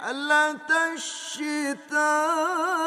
رحلة الشتاء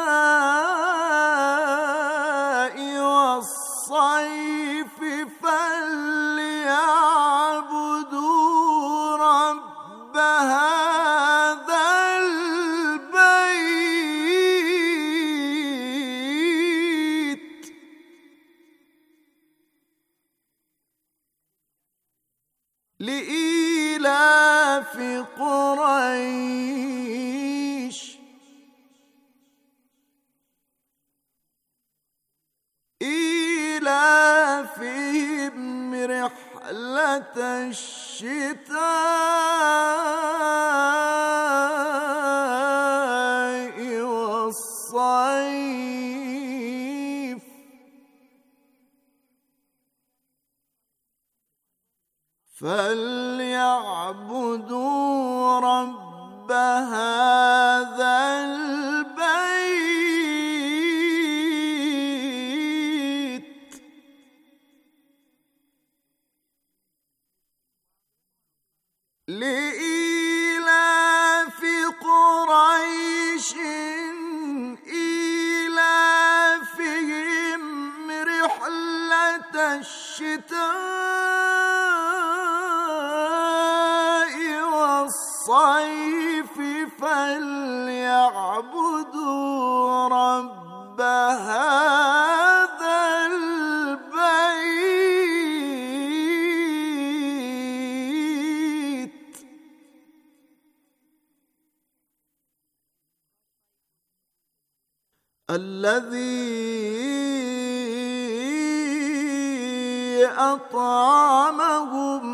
الذي اطعمهم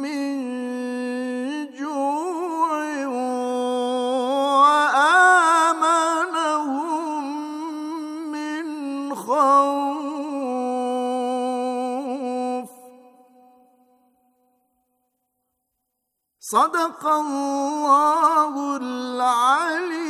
من جوع وامنهم من خوف صدق الله العلي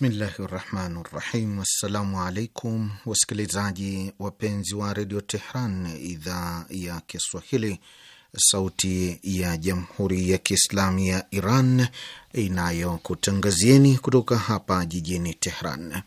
Bismillahi rahmani rahim. Wassalamu alaikum wasikilizaji wapenzi wa redio Tehran, idhaa ya Kiswahili, sauti ya jamhuri ya kiislamu ya Iran inayokutangazieni kutoka hapa jijini Tehran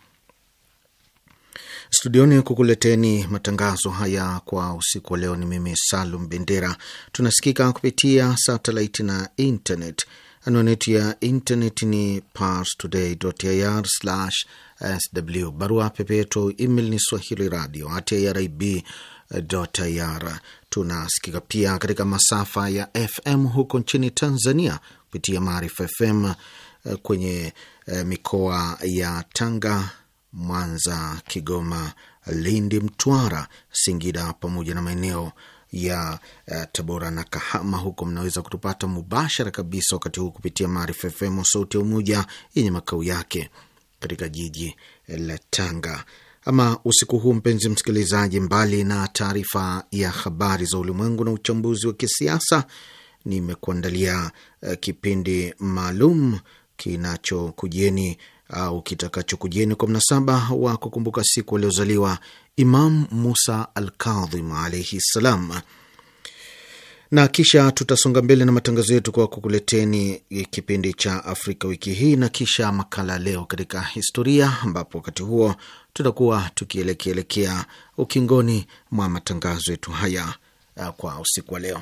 studioni kukuleteni matangazo haya kwa usiku wa leo. Ni mimi Salum Bendera. Tunasikika kupitia satelaiti na internet. Anwani yetu ya intaneti ni parstoday.ir/sw. Barua pepe yetu email ni swahili radio at irib.ir. Tunasikika pia katika masafa ya FM huko nchini Tanzania kupitia Maarifa FM eh, kwenye eh, mikoa ya Tanga, Mwanza, Kigoma, Lindi, Mtwara, Singida pamoja na maeneo ya eh, Tabora na Kahama. Huko mnaweza kutupata mubashara kabisa wakati huu kupitia Maarifa FM sauti ya Umoja yenye makao yake katika jiji eh, la Tanga. Ama usiku huu, mpenzi msikilizaji, mbali na taarifa ya habari za ulimwengu na uchambuzi wa kisiasa, nimekuandalia eh, kipindi maalum kinachokujeni au kitakachokujeni kwa mnasaba wa kukumbuka siku aliozaliwa Imam Musa Alkadhim alaihi ssalam. Na kisha tutasonga mbele na matangazo yetu kwa kukuleteni kipindi cha Afrika wiki hii na kisha makala leo katika historia, ambapo wakati huo tutakuwa tukielekeelekea ukingoni mwa matangazo yetu haya uh, kwa usiku wa leo.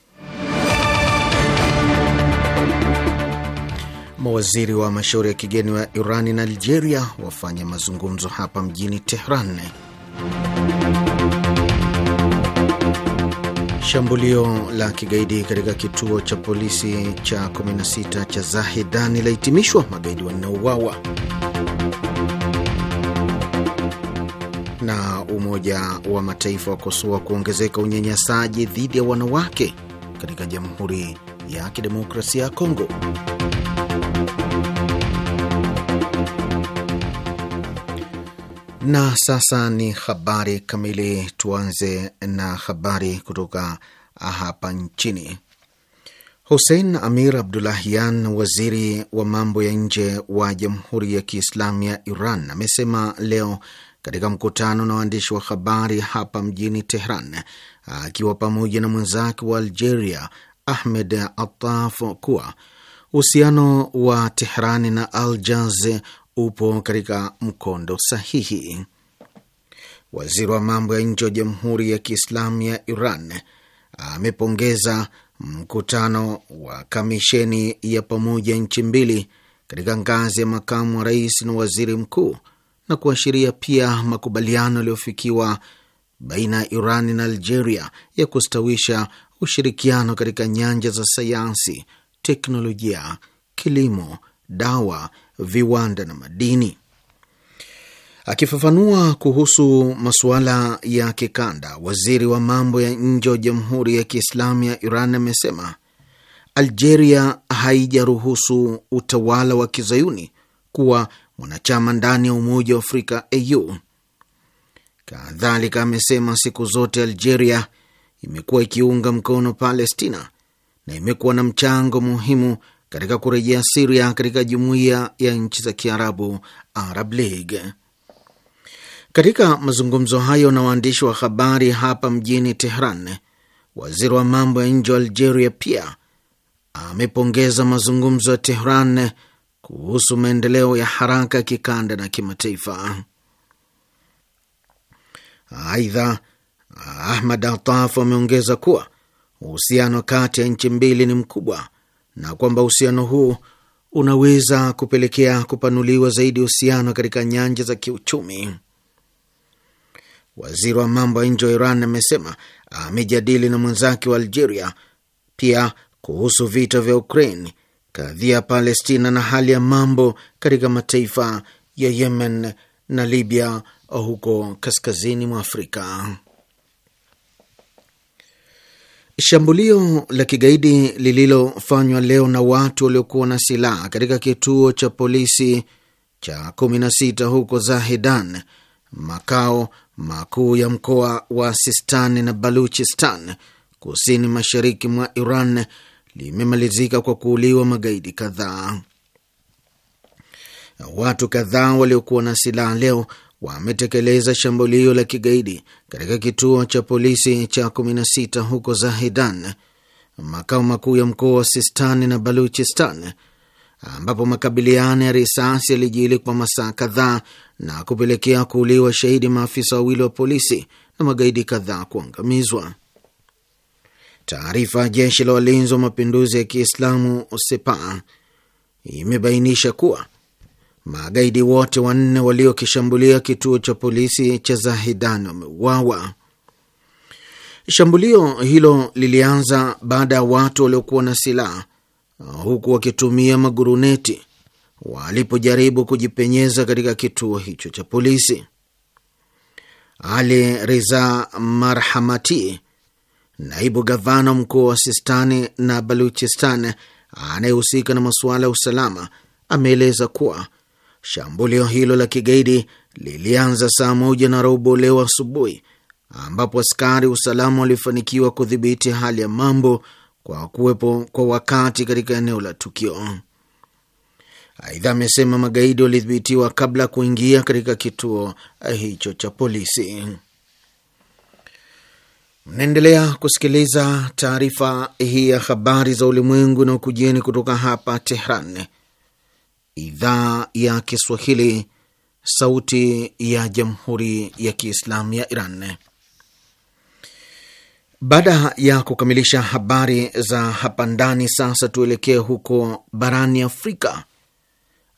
Mawaziri wa mashauri ya kigeni wa Irani na Algeria wafanya mazungumzo hapa mjini Tehran. Shambulio la kigaidi katika kituo cha polisi cha 16 cha Zahidani lahitimishwa, magaidi uwawa Na Umoja wa Mataifa wakosoa kuongezeka unyanyasaji dhidi ya wanawake katika Jamhuri ya Kidemokrasia ya Kongo. Na sasa ni habari kamili. Tuanze na habari kutoka hapa nchini. Hussein Amir Abdullahian, waziri wa mambo ya nje wa Jamhuri ya Kiislamu ya Iran, amesema leo katika mkutano na waandishi wa habari hapa mjini Tehran, akiwa pamoja na mwenzake wa Algeria Ahmed Attaf kuwa Uhusiano wa Tehrani na Aljaz upo katika mkondo sahihi. Waziri wa mambo ya nje wa Jamhuri ya Kiislamu ya Iran amepongeza mkutano wa kamisheni ya pamoja nchi mbili katika ngazi ya makamu wa rais na waziri mkuu na kuashiria pia makubaliano yaliyofikiwa baina ya Iran na Algeria ya kustawisha ushirikiano katika nyanja za sayansi, teknolojia, kilimo, dawa, viwanda na madini. Akifafanua kuhusu masuala ya kikanda, waziri wa mambo ya nje wa Jamhuri ya Kiislamu ya Iran amesema Algeria haijaruhusu utawala wa kizayuni kuwa mwanachama ndani ya Umoja wa Afrika au kadhalika. Amesema siku zote Algeria imekuwa ikiunga mkono Palestina na imekuwa na mchango muhimu katika kurejea Siria katika jumuiya ya nchi za Kiarabu, Arab League. Katika mazungumzo hayo na waandishi wa habari hapa mjini Tehran, waziri wa mambo ya nje wa Algeria pia amepongeza mazungumzo ya Tehran kuhusu maendeleo ya haraka ya kikanda na kimataifa. Aidha, Ahmad Ataf ameongeza kuwa uhusiano kati ya nchi mbili ni mkubwa na kwamba uhusiano huu unaweza kupelekea kupanuliwa zaidi uhusiano katika nyanja za kiuchumi. Waziri wa mambo ya nje wa Iran amesema amejadili na mwenzake wa Algeria pia kuhusu vita vya Ukraine, kadhia ya Palestina na hali ya mambo katika mataifa ya Yemen na Libya huko kaskazini mwa Afrika. Shambulio la kigaidi lililofanywa leo na watu waliokuwa na silaha katika kituo cha polisi cha 16 huko Zahedan, makao makuu ya mkoa wa Sistan na Baluchistan, kusini mashariki mwa Iran, limemalizika kwa kuuliwa magaidi kadhaa. Watu kadhaa waliokuwa na silaha leo wametekeleza shambulio la kigaidi katika kituo cha polisi cha 16 huko zahidan makao makuu ya mkoa wa Sistan na Baluchistan, ambapo makabiliano ya risasi yalijili kwa masaa kadhaa na kupelekea kuuliwa shahidi maafisa wawili wa polisi na magaidi kadhaa kuangamizwa. Taarifa ya jeshi la walinzi wa mapinduzi ya Kiislamu Sepah imebainisha kuwa Magaidi wote wanne waliokishambulia kituo cha polisi cha Zahidan wameuawa. Shambulio hilo lilianza baada ya watu waliokuwa na silaha huku wakitumia maguruneti walipojaribu kujipenyeza katika kituo hicho cha polisi. Ali riza Marhamati, naibu gavana mkuu wa Sistani na Baluchistan anayehusika na masuala ya usalama, ameeleza kuwa Shambulio hilo la kigaidi lilianza saa moja na robo leo asubuhi, ambapo askari usalama walifanikiwa kudhibiti hali ya mambo kwa kuwepo kwa wakati katika eneo la tukio. Aidha, amesema magaidi walidhibitiwa kabla ya kuingia katika kituo hicho cha polisi. Mnaendelea kusikiliza taarifa hii ya habari za ulimwengu na ukujieni kutoka hapa Tehran, idhaa ya Kiswahili, sauti ya jamhuri ya kiislamu ya Iran. Baada ya kukamilisha habari za hapa ndani, sasa tuelekee huko barani Afrika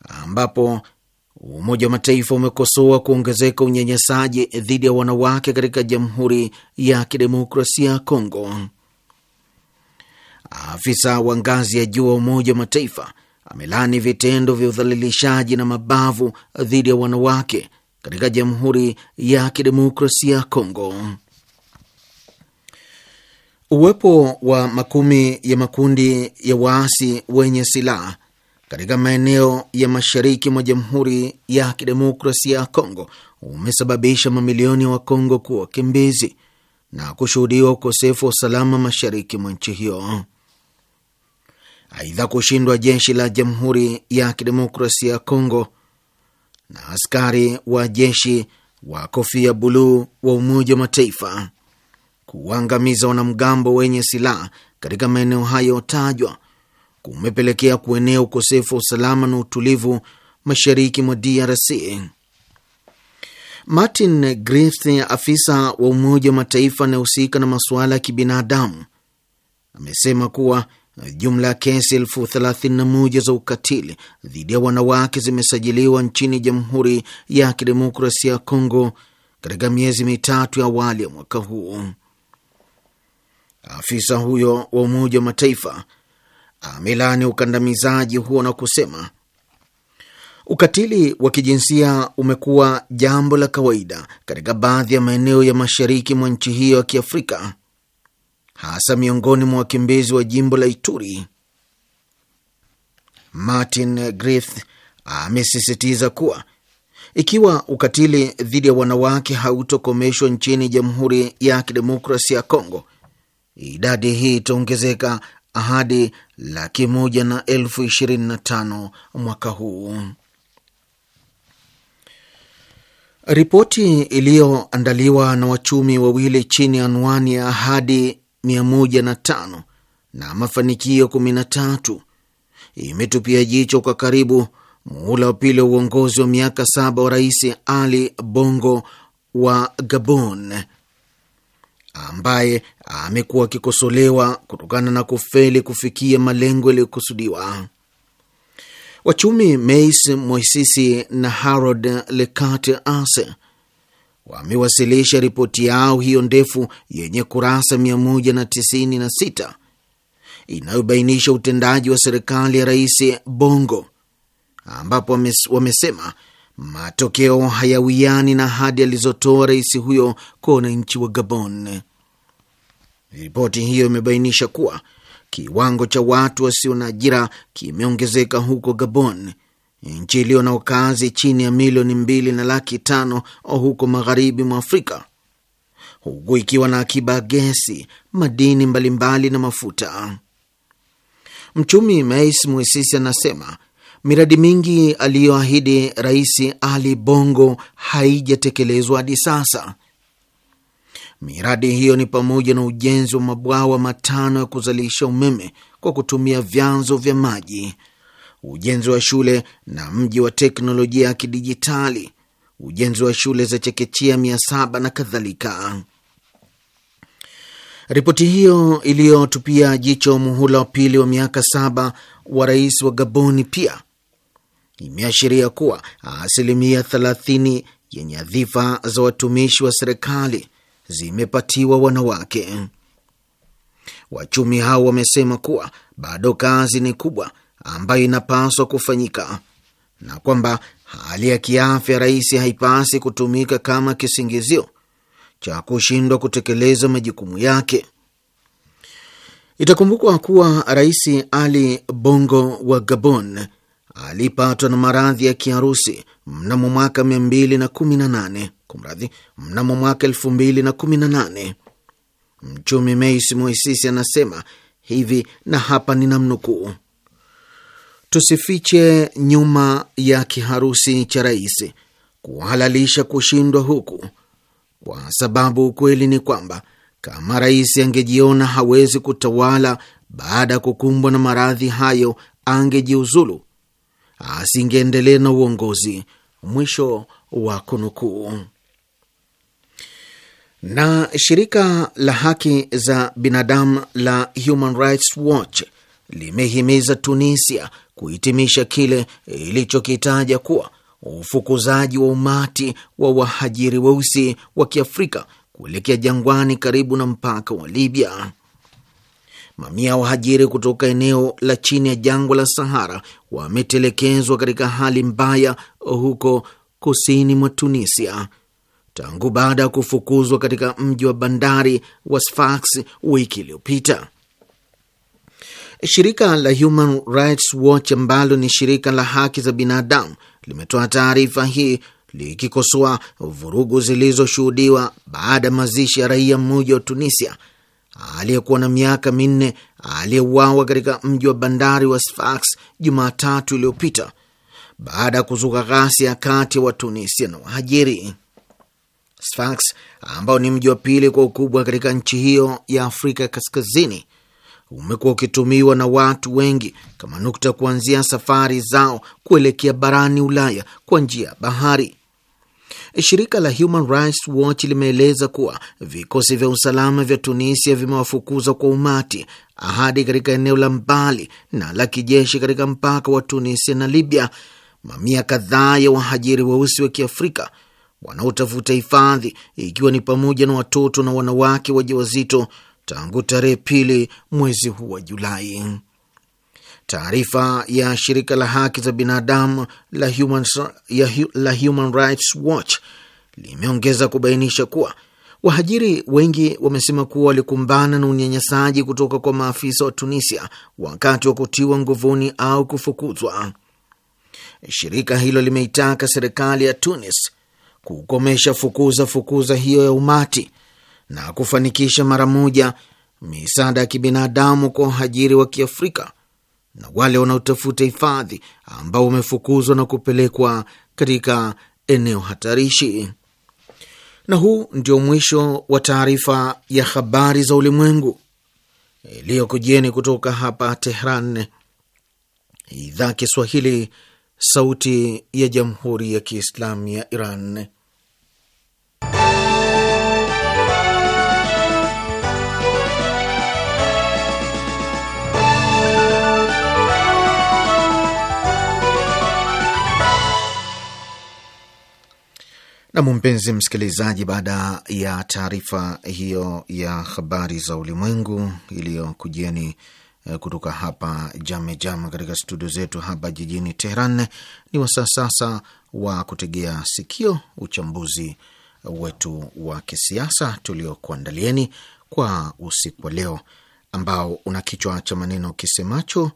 ambapo Umoja wa Mataifa umekosoa kuongezeka unyanyasaji dhidi ya wanawake katika Jamhuri ya Kidemokrasia ya Kongo. Afisa wa ngazi ya juu wa Umoja wa Mataifa amelani vitendo vya udhalilishaji na mabavu dhidi ya wanawake katika Jamhuri ya Kidemokrasia ya Kongo. Uwepo wa makumi ya makundi ya waasi wenye silaha katika maeneo ya mashariki mwa Jamhuri ya Kidemokrasia ya Kongo umesababisha mamilioni ya Wakongo kuwa wakimbizi na kushuhudiwa ukosefu wa usalama mashariki mwa nchi hiyo. Aidha, kushindwa jeshi la Jamhuri ya Kidemokrasia ya Kongo na askari wa jeshi wa kofia buluu wa Umoja wa Mataifa kuangamiza wanamgambo wenye silaha katika maeneo hayo tajwa kumepelekea kuenea ukosefu wa usalama na utulivu mashariki mwa DRC. Martin Griffiths, afisa wa Umoja wa Mataifa anayehusika na masuala ya kibinadamu, amesema kuwa Jumla ya kesi elfu thelathini na moja za ukatili dhidi ya wanawake zimesajiliwa nchini Jamhuri ya Kidemokrasia ya Kongo katika miezi mitatu ya awali ya mwaka huu. Afisa huyo wa Umoja wa Mataifa amelaani ukandamizaji huo na kusema ukatili wa kijinsia umekuwa jambo la kawaida katika baadhi ya maeneo ya mashariki mwa nchi hiyo ya Kiafrika hasa miongoni mwa wakimbizi wa jimbo la Ituri. Martin Griffiths amesisitiza kuwa ikiwa ukatili dhidi ya wanawake hautokomeshwa nchini Jamhuri ya Kidemokrasia ya Kongo, idadi hii itaongezeka hadi laki moja na elfu ishirini na tano mwaka huu. Ripoti iliyoandaliwa na wachumi wawili chini ya anwani ya ahadi 105 na mafanikio 13. Imetupia jicho kwa karibu muhula wa pili wa uongozi wa miaka saba wa Rais Ali Bongo wa Gabon ambaye amekuwa akikosolewa kutokana na kufeli kufikia malengo yaliyokusudiwa. Wachumi Mais Moisisi na Harold lecarte Ase wamewasilisha ripoti yao hiyo ndefu yenye kurasa 196 inayobainisha utendaji wa serikali ya Rais Bongo, ambapo wamesema matokeo hayawiani na ahadi alizotoa rais huyo kwa wananchi wa Gabon. Ripoti hiyo imebainisha kuwa kiwango cha watu wasio na ajira kimeongezeka huko Gabon nchi iliyo na wakazi chini ya milioni mbili na laki tano huko magharibi mwa Afrika, huku ikiwa na akiba ya gesi, madini mbalimbali na mafuta. Mchumi Mais Muisisi anasema miradi mingi aliyoahidi Rais Ali Bongo haijatekelezwa hadi sasa. Miradi hiyo ni pamoja na ujenzi wa mabwawa matano ya kuzalisha umeme kwa kutumia vyanzo vya maji ujenzi wa shule na mji wa teknolojia ya kidijitali, ujenzi wa shule za chekechea mia saba na kadhalika. Ripoti hiyo iliyotupia jicho muhula wa pili wa miaka saba wa rais wa Gaboni pia imeashiria kuwa asilimia 30 yenye nyadhifa za watumishi wa serikali zimepatiwa wanawake. Wachumi hao wamesema kuwa bado kazi ni kubwa ambayo inapaswa kufanyika na kwamba hali ya kiafya rais haipasi kutumika kama kisingizio cha kushindwa kutekeleza majukumu yake. Itakumbukwa kuwa Rais Ali Bongo wa Gabon alipatwa na maradhi ya kiharusi mnamo mwaka 218 kumradhi, mnamo mwaka 218. Mchumi Meis Moisisi anasema hivi na hapa ninamnukuu: tusifiche nyuma ya kiharusi cha rais kuhalalisha kushindwa huku, kwa sababu ukweli ni kwamba kama rais angejiona hawezi kutawala baada ya kukumbwa na maradhi hayo, angejiuzulu, asingeendelea na uongozi. Mwisho wa kunukuu. Na shirika la haki za binadamu la Human Rights Watch limehimiza Tunisia kuhitimisha kile ilichokitaja kuwa ufukuzaji wa umati wa wahajiri weusi wa Kiafrika kuelekea jangwani karibu na mpaka wa Libya. Mamia ya wahajiri kutoka eneo la chini ya jangwa la Sahara wametelekezwa katika hali mbaya huko kusini mwa Tunisia tangu baada ya kufukuzwa katika mji wa bandari wa Sfax wiki iliyopita. Shirika la Human Rights Watch ambalo ni shirika la haki za binadamu limetoa taarifa hii likikosoa vurugu zilizoshuhudiwa baada ya mazishi ya raia mmoja wa Tunisia aliyekuwa na miaka minne aliyeuawa katika mji wa bandari wa Sfax Jumatatu iliyopita baada ya kuzuka ghasia kati ya Watunisia na wahajiri. Sfax ambao ni mji wa pili kwa ukubwa katika nchi hiyo ya Afrika Kaskazini umekuwa ukitumiwa na watu wengi kama nukta ya kuanzia safari zao kuelekea barani Ulaya kwa njia ya bahari. Shirika la Human Rights Watch limeeleza kuwa vikosi vya usalama vya Tunisia vimewafukuza kwa umati ahadi katika eneo la mbali na la kijeshi katika mpaka wa Tunisia na Libya mamia kadhaa ya wahajiri weusi wa, wa Kiafrika wanaotafuta hifadhi ikiwa ni pamoja na watoto na wanawake wajawazito tangu tarehe pili mwezi huu wa Julai. Taarifa ya shirika la haki za binadamu la Human, la Human Rights Watch limeongeza kubainisha kuwa wahajiri wengi wamesema kuwa walikumbana na unyanyasaji kutoka kwa maafisa wa Tunisia wakati wa kutiwa nguvuni au kufukuzwa. Shirika hilo limeitaka serikali ya Tunis kukomesha fukuza fukuza hiyo ya umati na kufanikisha mara moja misaada ya kibinadamu kwa wahajiri wa Kiafrika na wale wanaotafuta hifadhi ambao wamefukuzwa na kupelekwa katika eneo hatarishi. Na huu ndio mwisho wa taarifa ya habari za ulimwengu iliyokujieni kutoka hapa Tehran, idhaa Kiswahili, sauti ya jamhuri ya kiislamu ya Iran. Nam, mpenzi msikilizaji, baada ya taarifa hiyo ya habari za ulimwengu iliyokujieni eh, kutoka hapa jamejama katika studio zetu hapa jijini Teheran, ni wasaa sasa wa kutegea sikio uchambuzi wetu wa kisiasa tuliokuandalieni kwa usiku wa leo ambao una kichwa cha maneno kisemacho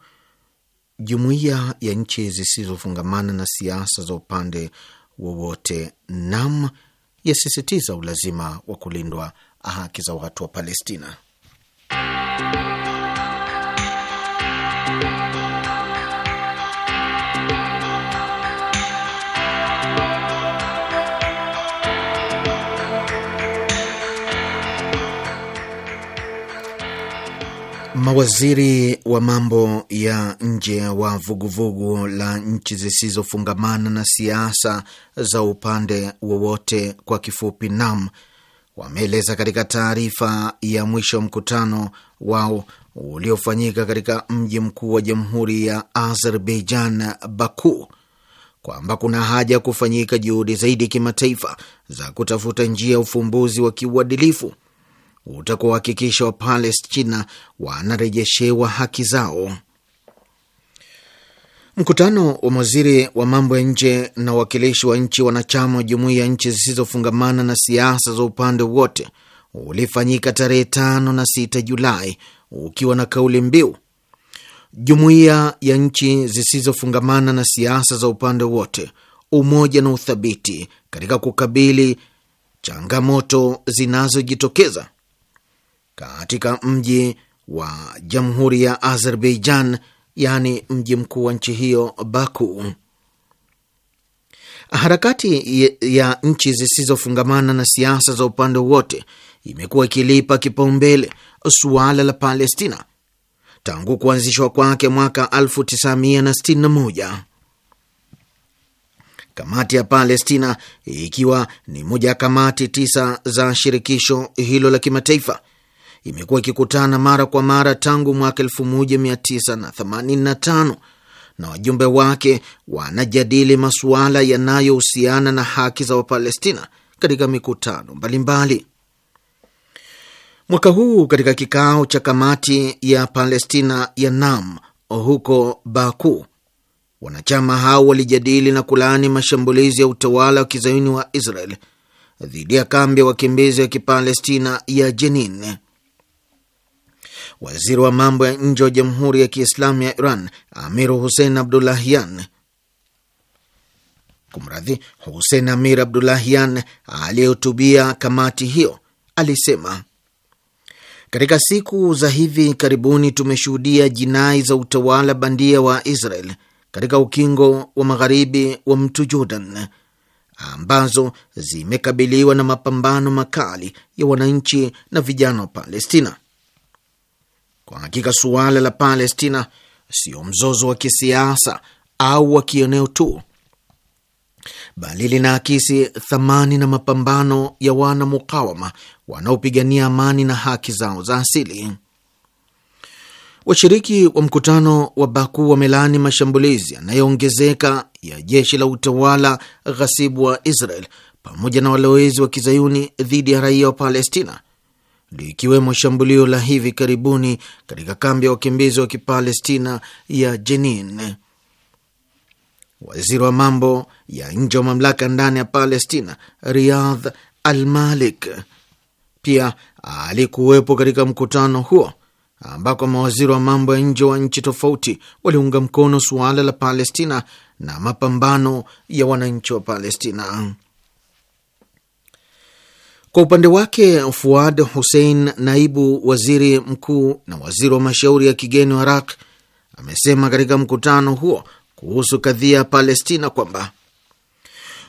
Jumuiya ya nchi zisizofungamana na siasa za upande wowote. Nam yasisitiza ulazima wa kulindwa haki za watu wa Palestina. Mawaziri wa mambo ya nje wa vuguvugu vugu la nchi zisizofungamana na siasa za upande wowote kwa kifupi NAM wameeleza katika taarifa ya mwisho wa mkutano wao uliofanyika katika mji mkuu wa Jamhuri ya Azerbaijan, Baku, kwamba kuna haja ya kufanyika juhudi zaidi kimataifa za kutafuta njia ya ufumbuzi wa kiuadilifu utakuwahakikisha Wapalestina wanarejeshewa haki zao. Mkutano wa mawaziri wa mambo ya nje na wawakilishi wa nchi wanachama wa jumuiya ya nchi zisizofungamana na siasa za upande wote ulifanyika tarehe tano na sita Julai ukiwa na kauli mbiu jumuiya ya nchi zisizofungamana na siasa za upande wote, umoja na uthabiti katika kukabili changamoto zinazojitokeza katika mji wa Jamhuri ya Azerbaijan, yaani mji mkuu wa nchi hiyo Baku. Harakati ya nchi zisizofungamana na siasa za upande wote imekuwa ikilipa kipaumbele suala la Palestina tangu kuanzishwa kwake mwaka 1961. Kamati ya Palestina ikiwa ni moja ya kamati tisa za shirikisho hilo la kimataifa imekuwa ikikutana mara kwa mara tangu mwaka 1985 na wajumbe wake wanajadili masuala yanayohusiana na haki za Wapalestina katika mikutano mbalimbali. Mwaka huu katika kikao cha kamati ya Palestina ya NAM huko Baku, wanachama hao walijadili na kulaani mashambulizi ya utawala wa kizayuni wa Israel dhidi ya kambi ya wakimbizi wa kipalestina ya Jenin waziri wa mambo ya nje wa Jamhuri ya Kiislamu ya Iran Amir Hussein Abdullahian Kumradhi, Hussein Amir Abdullahian aliyehutubia kamati hiyo alisema katika siku za hivi karibuni tumeshuhudia jinai za utawala bandia wa Israel katika ukingo wa magharibi wa mto Jordan ambazo zimekabiliwa na mapambano makali ya wananchi na vijana wa Palestina. Kwa hakika suala la Palestina sio mzozo wa kisiasa au wa kieneo tu, bali linaakisi thamani na mapambano ya wana mukawama wanaopigania amani na haki zao za asili. Washiriki wa mkutano wa Baku wamelaani mashambulizi yanayoongezeka ya jeshi la utawala ghasibu wa Israel pamoja na walowezi wa kizayuni dhidi ya raia wa Palestina likiwemo shambulio la hivi karibuni katika kambi ya wakimbizi wa Kipalestina ya Jenin. Waziri wa mambo ya nje wa mamlaka ndani ya Palestina Riyadh Al-Malik pia alikuwepo katika mkutano huo ambako mawaziri wa mambo ya nje wa nchi tofauti waliunga mkono suala la Palestina na mapambano ya wananchi wa Palestina. Kwa upande wake Fuad Hussein, naibu waziri mkuu na waziri wa mashauri ya kigeni wa Iraq, amesema katika mkutano huo kuhusu kadhia ya Palestina kwamba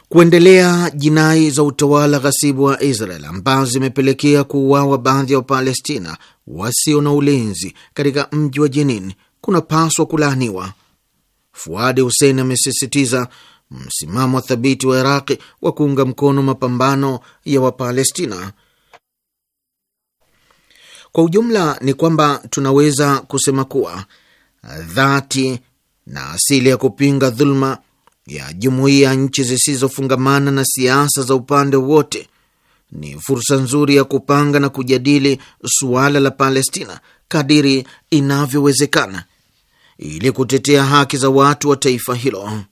kuendelea jinai za utawala ghasibu wa Israel ambazo zimepelekea kuuawa baadhi ya Wapalestina wasio na ulinzi katika mji wa Jenin kunapaswa kulaaniwa. Fuadi Hussein amesisitiza msimamo thabiti wa Iraqi wa kuunga mkono mapambano ya Wapalestina. Kwa ujumla ni kwamba tunaweza kusema kuwa dhati na asili ya kupinga dhuluma ya jumuiya ya nchi zisizofungamana na siasa za upande wote ni fursa nzuri ya kupanga na kujadili suala la Palestina kadiri inavyowezekana ili kutetea haki za watu wa taifa hilo.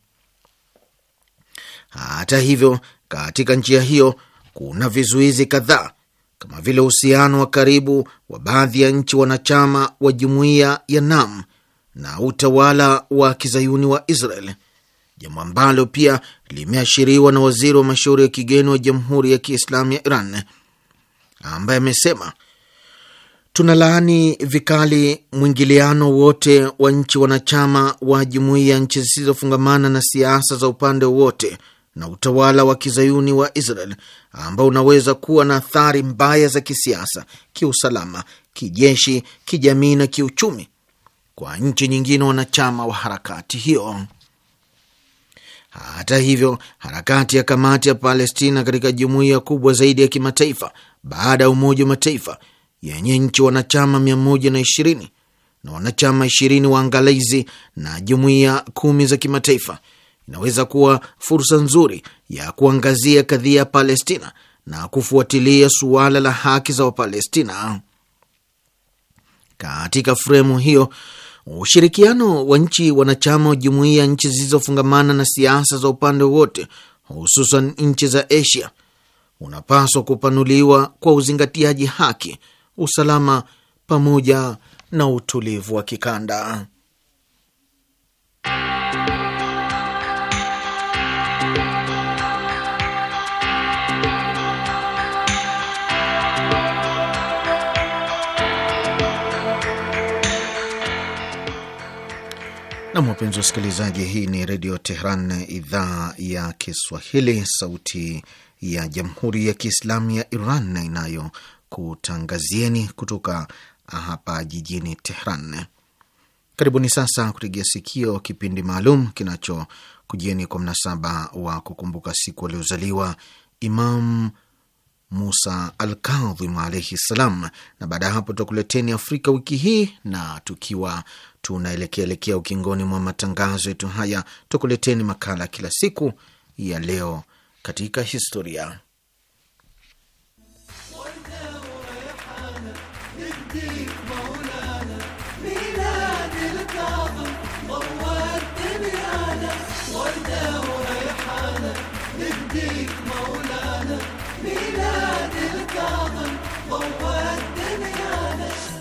Hata hivyo, katika njia hiyo kuna vizuizi kadhaa kama vile uhusiano wa karibu wa baadhi ya nchi wanachama wa jumuiya ya NAM na utawala wa kizayuni wa Israel, jambo ambalo pia limeashiriwa na waziri wa mashauri ya kigeni wa Jamhuri ya Kiislamu ya Iran ambaye amesema tunalaani vikali mwingiliano wote wa nchi wanachama wa jumuiya ya nchi zisizofungamana na siasa za upande wowote na utawala wa kizayuni wa Israel ambao unaweza kuwa na athari mbaya za kisiasa, kiusalama, kijeshi, kijamii na kiuchumi kwa nchi nyingine wanachama wa harakati hiyo. Hata hivyo, harakati ya kamati ya Palestina katika jumuiya kubwa zaidi ya kimataifa baada ya Umoja wa Mataifa yenye nchi wanachama 120 na wanachama 20 waangalizi na jumuiya kumi za kimataifa inaweza kuwa fursa nzuri ya kuangazia kadhia ya Palestina na kufuatilia suala la haki za Wapalestina. Katika fremu hiyo, ushirikiano wa nchi wanachama wa jumuiya ya nchi zilizofungamana na siasa za upande wote, hususan nchi za Asia, unapaswa kupanuliwa kwa uzingatiaji haki, usalama pamoja na utulivu wa kikanda. Nam, wapenzi wasikilizaji, hii ni Redio Tehran, idhaa ya Kiswahili, sauti ya Jamhuri ya Kiislamu ya Iran inayokutangazieni kutoka hapa jijini Tehran. Karibuni sasa kutegea sikio kipindi maalum kinachokujieni kwa mnasaba wa kukumbuka siku aliozaliwa Imam Musa Alkadhim alaihi ssalam. Na baada ya hapo tutakuleteni Afrika wiki hii, na tukiwa tunaelekeaelekea ukingoni mwa matangazo yetu haya, tutakuleteni makala kila siku ya leo katika historia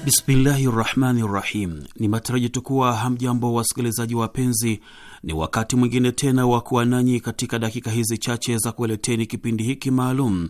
Bismillahi rahmani rahim. Ni matarajio kuwa hamjambo wasikilizaji wapenzi, ni wakati mwingine tena wa kuwa nanyi katika dakika hizi chache za kueleteni kipindi hiki maalum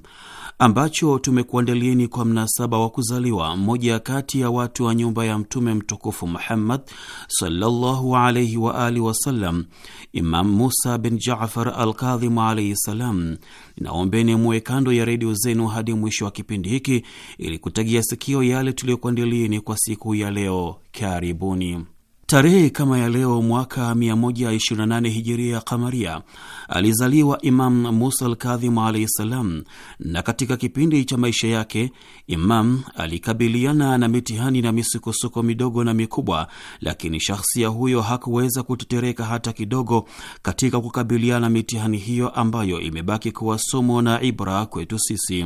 ambacho tumekuandalieni kwa mnasaba wa kuzaliwa mmoja kati ya watu wa nyumba ya Mtume mtukufu Muhammad sallallahu alaihi wa alihi wasallam, Imam Musa bin Jafar Alkadhimu alaihi salam. Naombeni muwe kando ya redio zenu hadi mwisho wa kipindi hiki ili kutagia sikio yale tuliyokuandalieni kwa siku ya leo. Karibuni. Tarehe kama ya leo mwaka 128 hijiria kamaria alizaliwa Imam Musa Alkadhimu alaihi ssalam, na katika kipindi cha maisha yake Imam alikabiliana na mitihani na misukosuko midogo na mikubwa, lakini shahsia huyo hakuweza kutetereka hata kidogo katika kukabiliana mitihani hiyo ambayo imebaki kuwa somo na ibra kwetu sisi.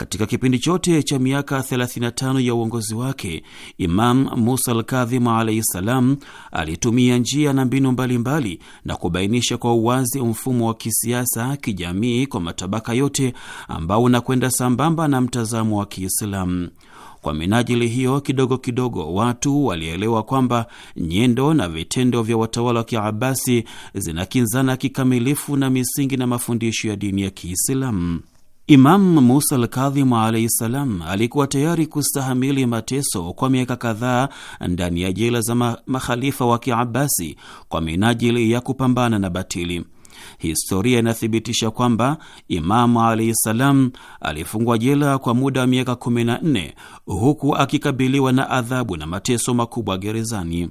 Katika kipindi chote cha miaka 35 ya uongozi wake, Imam Musa Alkadhim alaihi ssalam alitumia njia na mbinu mbalimbali mbali, na kubainisha kwa uwazi mfumo wa kisiasa, kijamii kwa matabaka yote ambao unakwenda sambamba na mtazamo wa Kiislamu. Kwa minajili hiyo, kidogo kidogo watu walielewa kwamba nyendo na vitendo vya watawala wa Kiabasi zinakinzana kikamilifu na misingi na mafundisho ya dini ya Kiislamu. Imamu Musa Alkadhimu alaihi ssalam alikuwa tayari kustahamili mateso kwa miaka kadhaa ndani ya jela za makhalifa wa Kiabasi kwa minajili ya kupambana na batili. Historia inathibitisha kwamba Imamu alaihi ssalam alifungwa jela kwa muda wa miaka 14 huku akikabiliwa na adhabu na mateso makubwa gerezani.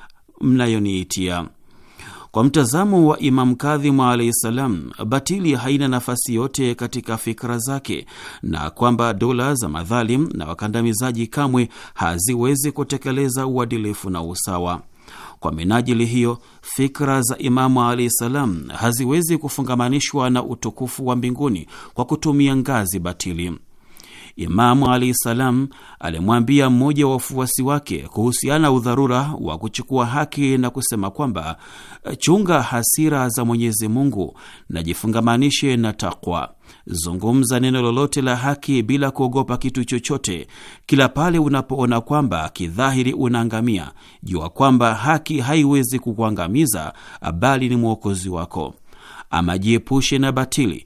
mnayoniitia. Kwa mtazamo wa Imam Kadhimu alaihi salam, batili haina nafasi yote katika fikra zake na kwamba dola za madhalim na wakandamizaji kamwe haziwezi kutekeleza uadilifu na usawa. Kwa minajili hiyo, fikra za Imamu alaihi salam haziwezi kufungamanishwa na utukufu wa mbinguni kwa kutumia ngazi batili. Imamu alaihi salam alimwambia mmoja wa wafuasi wake kuhusiana udharura wa kuchukua haki na kusema kwamba chunga hasira za Mwenyezi Mungu na jifungamanishe na takwa. Zungumza neno lolote la haki bila kuogopa kitu chochote. Kila pale unapoona kwamba kidhahiri unaangamia, jua kwamba haki haiwezi kukuangamiza, bali ni mwokozi wako. Ama jiepushe na batili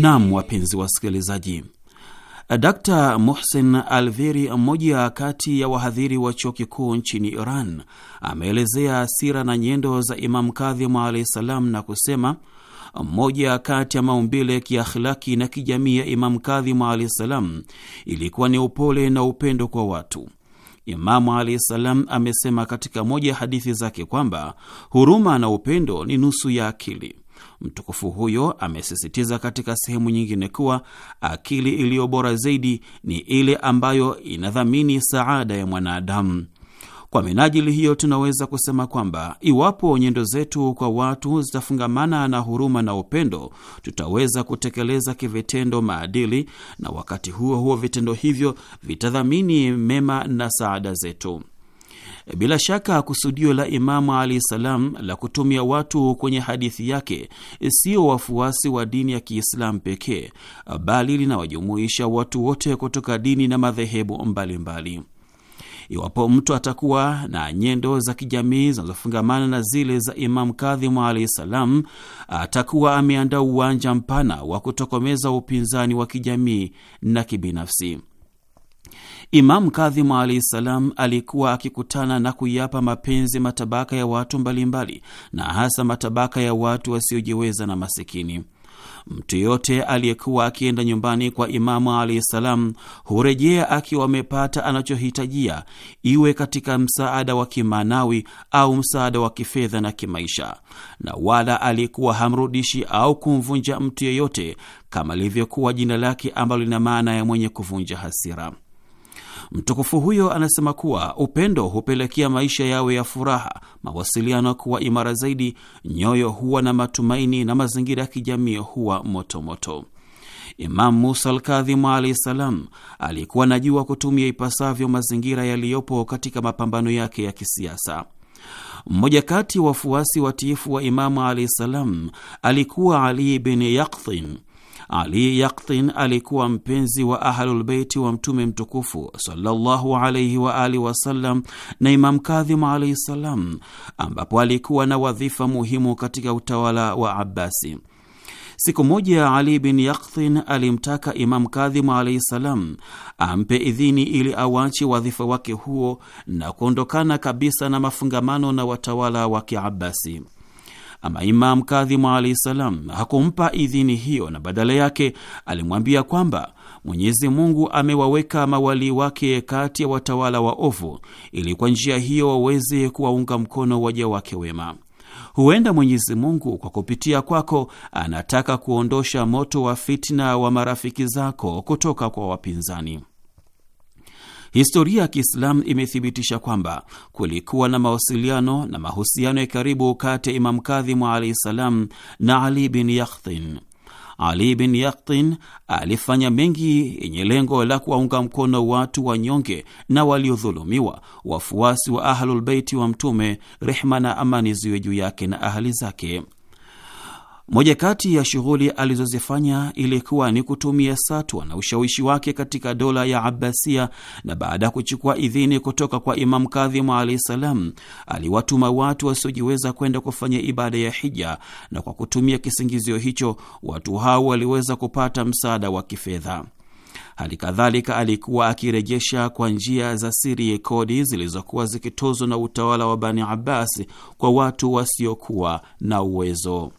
Naam, wapenzi wasikilizaji, Dr Mohsen Alveri, mmoja kati ya wahadhiri wa chuo kikuu nchini Iran, ameelezea sira na nyendo za Imamu Kadhimu alahi salam na kusema mmoja kati ya maumbile ya kiakhlaki na kijamii ya Imamu Kadhimu alahi salam ilikuwa ni upole na upendo kwa watu. Imamu alahi salam amesema katika moja ya hadithi zake kwamba huruma na upendo ni nusu ya akili. Mtukufu huyo amesisitiza katika sehemu nyingine kuwa akili iliyo bora zaidi ni ile ambayo inadhamini saada ya mwanadamu. Kwa minajili hiyo, tunaweza kusema kwamba iwapo nyendo zetu kwa watu zitafungamana na huruma na upendo, tutaweza kutekeleza kivitendo maadili, na wakati huo huo vitendo hivyo vitadhamini mema na saada zetu. Bila shaka kusudio la Imamu alahi salam la kutumia watu kwenye hadithi yake sio wafuasi wa dini ya Kiislamu pekee, bali linawajumuisha watu wote kutoka dini na madhehebu mbalimbali. Iwapo mtu atakuwa na nyendo za kijamii zinazofungamana na zile za Imamu Kadhimu alahi salam, atakuwa ameandaa uwanja mpana wa kutokomeza upinzani wa kijamii na kibinafsi. Imamu Kadhimu alahi salam alikuwa akikutana na kuyapa mapenzi matabaka ya watu mbalimbali na hasa matabaka ya watu wasiojiweza na masikini. Mtu yote aliyekuwa akienda nyumbani kwa Imamu alahi salam hurejea akiwa amepata anachohitajia, iwe katika msaada wa kimaanawi au msaada wa kifedha na kimaisha, na wala aliyekuwa hamrudishi au kumvunja mtu yeyote, kama lilivyokuwa jina lake ambalo lina maana ya mwenye kuvunja hasira. Mtukufu huyo anasema kuwa upendo hupelekea maisha yawe ya furaha, mawasiliano kuwa imara zaidi, nyoyo huwa na matumaini na mazingira ya kijamii huwa motomoto moto. Imamu Musa Alkadhimu alahi salam alikuwa anajua kutumia ipasavyo mazingira yaliyopo katika mapambano yake ya kisiasa. Mmoja kati wafuasi watiifu wa Imamu alahi salam alikuwa Ali bin Yakdhin ali Yaktin alikuwa mpenzi wa Ahlulbeiti wa Mtume mtukufu sallallahu alaihi wa alihi wasallam na Imam Kadhim alaihi salam, ambapo alikuwa na wadhifa muhimu katika utawala wa Abbasi. Siku moja Ali bin Yakthin alimtaka Imam Kadhimu alaihi salam ampe idhini ili awache wadhifa wake huo na kuondokana kabisa na mafungamano na watawala wa Kiabasi. Ama Imam Kadhimu alaihi salam hakumpa idhini hiyo, na badala yake alimwambia kwamba Mwenyezi Mungu amewaweka mawalii wake kati ya watawala waovu, ili kwa njia hiyo waweze kuwaunga mkono waja wake wema. Huenda Mwenyezi Mungu kwa kupitia kwako anataka kuondosha moto wa fitna wa marafiki zako kutoka kwa wapinzani. Historia ya Kiislamu imethibitisha kwamba kulikuwa na mawasiliano na mahusiano ya karibu kati ya Imam Kadhimu alaihi ssalam na Ali bin Yakhtin. Ali bin Yakhtin alifanya mengi yenye lengo la kuwaunga mkono watu wanyonge na waliodhulumiwa, wafuasi wa Ahlulbeiti wa Mtume, rehma na amani ziwe juu yake na ahali zake. Moja kati ya shughuli alizozifanya ilikuwa ni kutumia satwa na ushawishi wake katika dola ya Abbasia, na baada ya kuchukua idhini kutoka kwa Imam Kadhimu alahi salam, aliwatuma watu wasiojiweza kwenda kufanya ibada ya hija, na kwa kutumia kisingizio hicho watu hao waliweza kupata msaada wa kifedha. Hali kadhalika alikuwa akirejesha kwa njia za siri kodi zilizokuwa zikitozwa na utawala wa Bani Abbas kwa watu wasiokuwa na uwezo.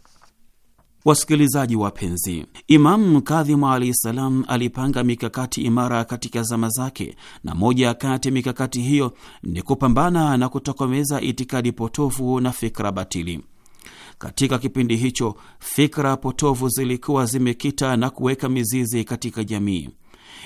Wasikilizaji wapenzi, Imamu Kadhimu alahi salam alipanga mikakati imara katika zama zake, na moja kati ya mikakati hiyo ni kupambana na kutokomeza itikadi potofu na fikra batili. Katika kipindi hicho, fikra potofu zilikuwa zimekita na kuweka mizizi katika jamii.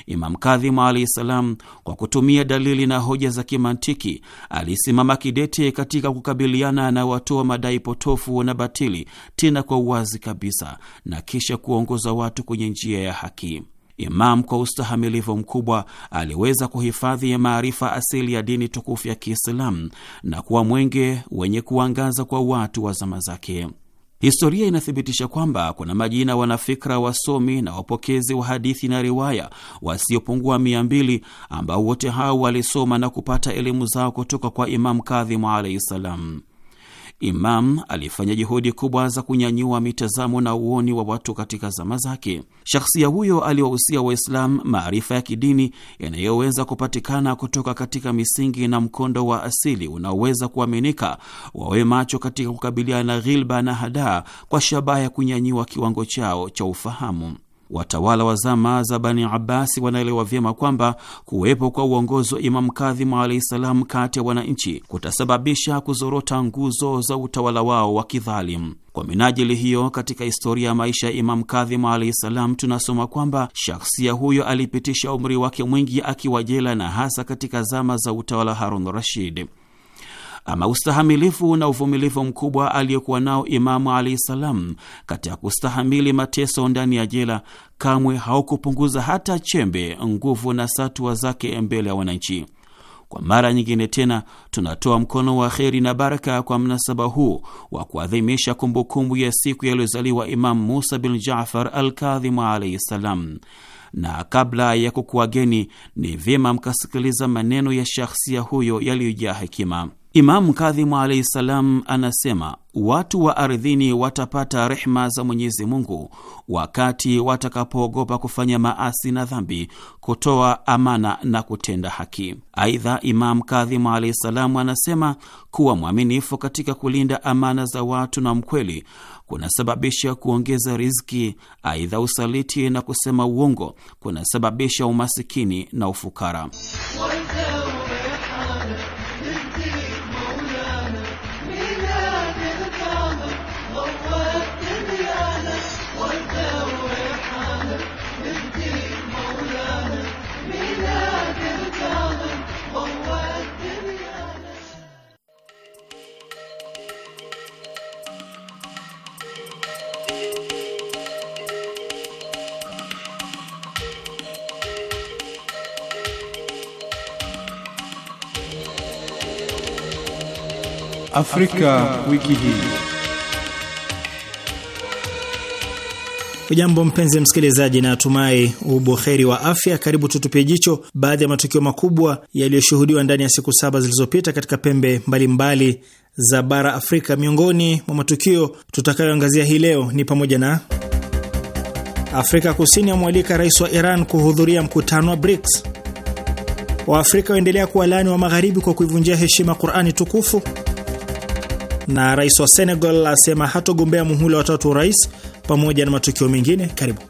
Imam Kadhimu alahi salam, kwa kutumia dalili na hoja za kimantiki, alisimama kidete katika kukabiliana na watoa madai potofu na batili, tena kwa uwazi kabisa, na kisha kuongoza watu kwenye njia ya haki. Imam kwa ustahamilivu mkubwa aliweza kuhifadhi maarifa asili ya dini tukufu ya Kiislamu na kuwa mwenge wenye kuangaza kwa watu wa zama zake. Historia inathibitisha kwamba kuna majina wanafikra, wasomi na wapokezi wa hadithi na riwaya wasiopungua mia mbili ambao wote hao walisoma na kupata elimu zao kutoka kwa Imamu Kadhimu alaihi ssalam. Imam alifanya juhudi kubwa za kunyanyua mitazamo na uoni wa watu katika zama zake. Shakhsia huyo aliwahusia Waislamu maarifa ya kidini yanayoweza kupatikana kutoka katika misingi na mkondo wa asili unaoweza kuaminika. Wawe macho katika kukabiliana na ghilba na hadaa kwa shabaha ya kunyanyiwa kiwango chao cha ufahamu. Watawala wa zama za Bani Abasi wanaelewa vyema kwamba kuwepo kwa uongozi wa Imamu Kadhimu alahi salam kati ya wananchi kutasababisha kuzorota nguzo za utawala wao wa kidhalimu. Kwa minajili hiyo, katika historia ya maisha ya Imamu Kadhimu alahi salam tunasoma kwamba shakhsia huyo alipitisha umri wake mwingi akiwa jela na hasa katika zama za utawala Harun Rashid. Ama ustahamilifu na uvumilivu mkubwa aliyekuwa nao Imamu alaihi salam katika kustahamili mateso ndani ya jela kamwe haukupunguza hata chembe nguvu na satua zake mbele ya wananchi. Kwa mara nyingine tena tunatoa mkono wa kheri na baraka kwa mnasaba huu wa kuadhimisha kumbukumbu ya siku yaliyozaliwa Imamu Musa bin Jafar al Kadhimu alaihi ssalam. Na kabla ya kukuwageni, ni vyema mkasikiliza maneno ya shakhsia huyo yaliyojaa hekima. Imamu Kadhimu alaihi salam anasema watu wa ardhini watapata rehma za Mwenyezi Mungu wakati watakapoogopa kufanya maasi na dhambi, kutoa amana na kutenda haki. Aidha, Imamu Kadhimu alaihi salamu anasema kuwa mwaminifu katika kulinda amana za watu na mkweli kunasababisha kuongeza riziki. Aidha, usaliti na kusema uongo kunasababisha umasikini na ufukara. Afrika wiki hii. Ujambo mpenzi msikilizaji, na atumai ubuheri wa afya. Karibu tutupie jicho baadhi ya matukio makubwa yaliyoshuhudiwa ndani ya siku saba zilizopita katika pembe mbalimbali mbali za bara Afrika. Miongoni mwa matukio tutakayoangazia hii leo ni pamoja na Afrika Kusini amwalika rais wa Iran kuhudhuria mkutano wa BRICS, Waafrika waendelea kuwalaani wa Magharibi kwa kuivunjia heshima Qurani tukufu na rais wa Senegal asema hatogombea muhula watatu wa rais, pamoja na matukio mengine. Karibu.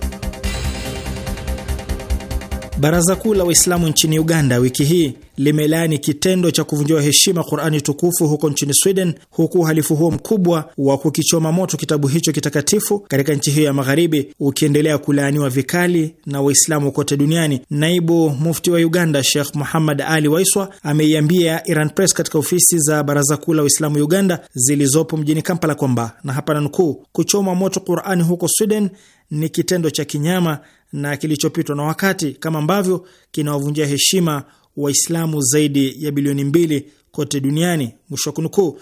Baraza Kuu la Waislamu nchini Uganda wiki hii limelaani kitendo cha kuvunjiwa heshima Qurani tukufu huko nchini Sweden, huku uhalifu huo mkubwa wa kukichoma moto kitabu hicho kitakatifu katika nchi hiyo ya magharibi ukiendelea kulaaniwa vikali na Waislamu kote duniani. Naibu mufti wa Uganda Sheikh Muhammad Ali Waiswa ameiambia Iran Press katika ofisi za Baraza Kuu la Waislamu Uganda zilizopo mjini Kampala kwamba na hapa nanukuu, kuchoma moto Qurani huko Sweden ni kitendo cha kinyama na kilichopitwa na wakati, kama ambavyo kinawavunjia heshima Waislamu zaidi ya bilioni mbili kote duniani, mwisho wa kunukuu.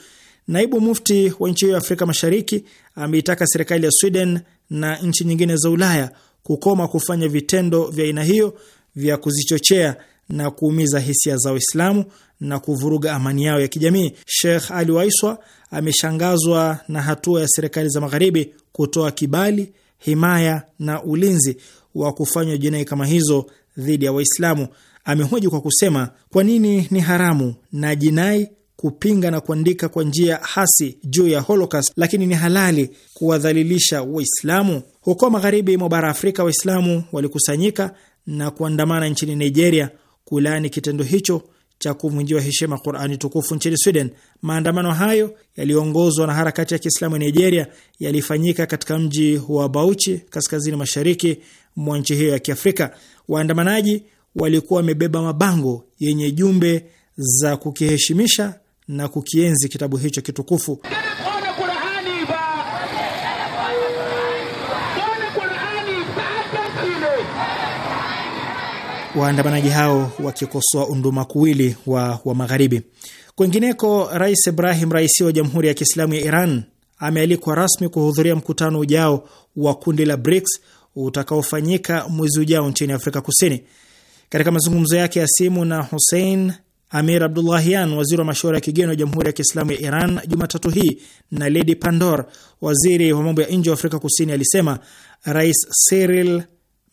Naibu mufti wa nchi hiyo ya Afrika Mashariki ameitaka serikali ya Sweden na nchi nyingine za Ulaya kukoma kufanya vitendo vya aina hiyo vya kuzichochea na kuumiza hisia za Waislamu na kuvuruga amani yao ya kijamii. Sheikh Ali Waiswa ameshangazwa na hatua ya serikali za Magharibi kutoa kibali himaya na ulinzi wa kufanywa jinai kama hizo dhidi ya Waislamu. Amehoji kwa kusema, kwa nini ni haramu na jinai kupinga na kuandika kwa njia hasi juu ya Holocaust, lakini ni halali kuwadhalilisha Waislamu? Huko magharibi mwa bara Afrika, Waislamu walikusanyika na kuandamana nchini Nigeria kulaani kitendo hicho cha kuvunjiwa heshima Qurani tukufu nchini Sweden. Maandamano hayo yaliyoongozwa na harakati ya Kiislamu ya Nigeria yalifanyika katika mji wa Bauchi, kaskazini mashariki mwa nchi hiyo ya Kiafrika. Waandamanaji walikuwa wamebeba mabango yenye jumbe za kukiheshimisha na kukienzi kitabu hicho kitukufu. waandamanaji hao wakikosoa undumakuwili wa, wa magharibi. Kwengineko, Rais Ibrahim Raisi wa Jamhuri ya Kiislamu ya Iran amealikwa rasmi kuhudhuria mkutano ujao wa kundi la BRICS utakaofanyika mwezi ujao nchini Afrika Kusini. Katika mazungumzo yake ya simu na Hussein Amir Abdullahian, waziri wa mashauri ya kigeni wa Jamhuri ya Kiislamu ya Iran, Jumatatu hii na Lady Pandor, waziri wa mambo ya nje wa Afrika Kusini, alisema Rais Cyril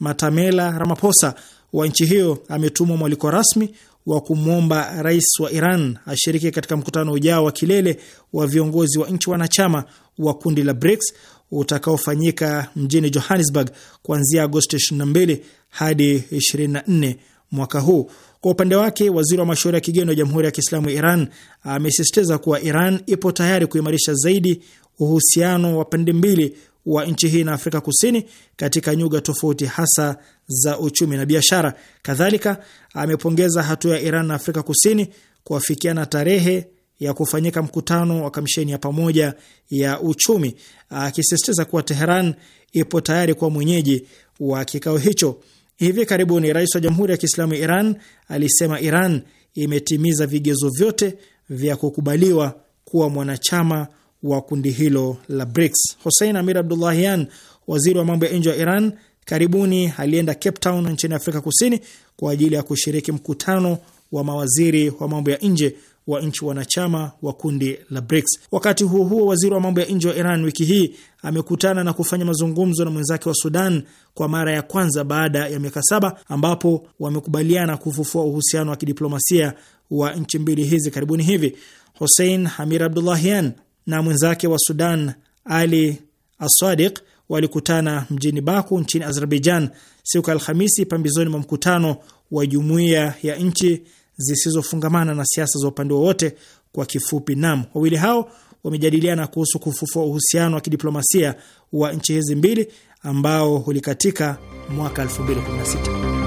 Matamela Ramaphosa wa nchi hiyo ametumwa mwaliko rasmi wa kumwomba rais wa Iran ashiriki katika mkutano ujao wa kilele wa viongozi wa nchi wanachama wa kundi la BRICS utakaofanyika mjini Johannesburg kuanzia Agosti 22 hadi 24 mwaka huu. Kwa upande wake, waziri wa mashauri ya kigeni wa Jamhuri ya Kiislamu ya Iran amesisitiza kuwa Iran ipo tayari kuimarisha zaidi uhusiano wa pande mbili wa nchi hii na Afrika Kusini katika nyuga tofauti hasa za uchumi na biashara. Kadhalika amepongeza hatua ya Iran na Afrika Kusini kuafikiana tarehe ya kufanyika mkutano wa kamisheni ya pamoja ya uchumi, akisisitiza kuwa Teheran ipo tayari kuwa mwenyeji wa kikao hicho. Hivi karibuni rais wa Jamhuri ya Kiislamu ya Iran alisema Iran imetimiza vigezo vyote vya kukubaliwa kuwa mwanachama wa kundi hilo la BRICS. Hussein Amir Abdullahian, waziri wa mambo ya nje wa Iran, karibuni alienda Cape Town nchini Afrika Kusini kwa ajili ya kushiriki mkutano wa mawaziri wa mambo ya nje wa nchi wanachama wa kundi la BRICS. Wakati huo huo, waziri wa mambo ya nje wa Iran wiki hii amekutana na kufanya mazungumzo na mwenzake wa Sudan kwa mara ya kwanza baada ya miaka saba, ambapo wamekubaliana kufufua uhusiano wa kidiplomasia wa nchi mbili hizi karibuni hivi. Hussein Hamir Abdullahian, na mwenzake wa Sudan Ali Asadiq walikutana mjini Baku nchini Azerbaijan siku ya Alhamisi pambizoni mwa mkutano wa jumuiya ya nchi zisizofungamana na siasa za upande wowote kwa kifupi NAM. Wawili hao wamejadiliana kuhusu kufufua uhusiano wa kidiplomasia wa nchi hizi mbili ambao ulikatika mwaka 2016.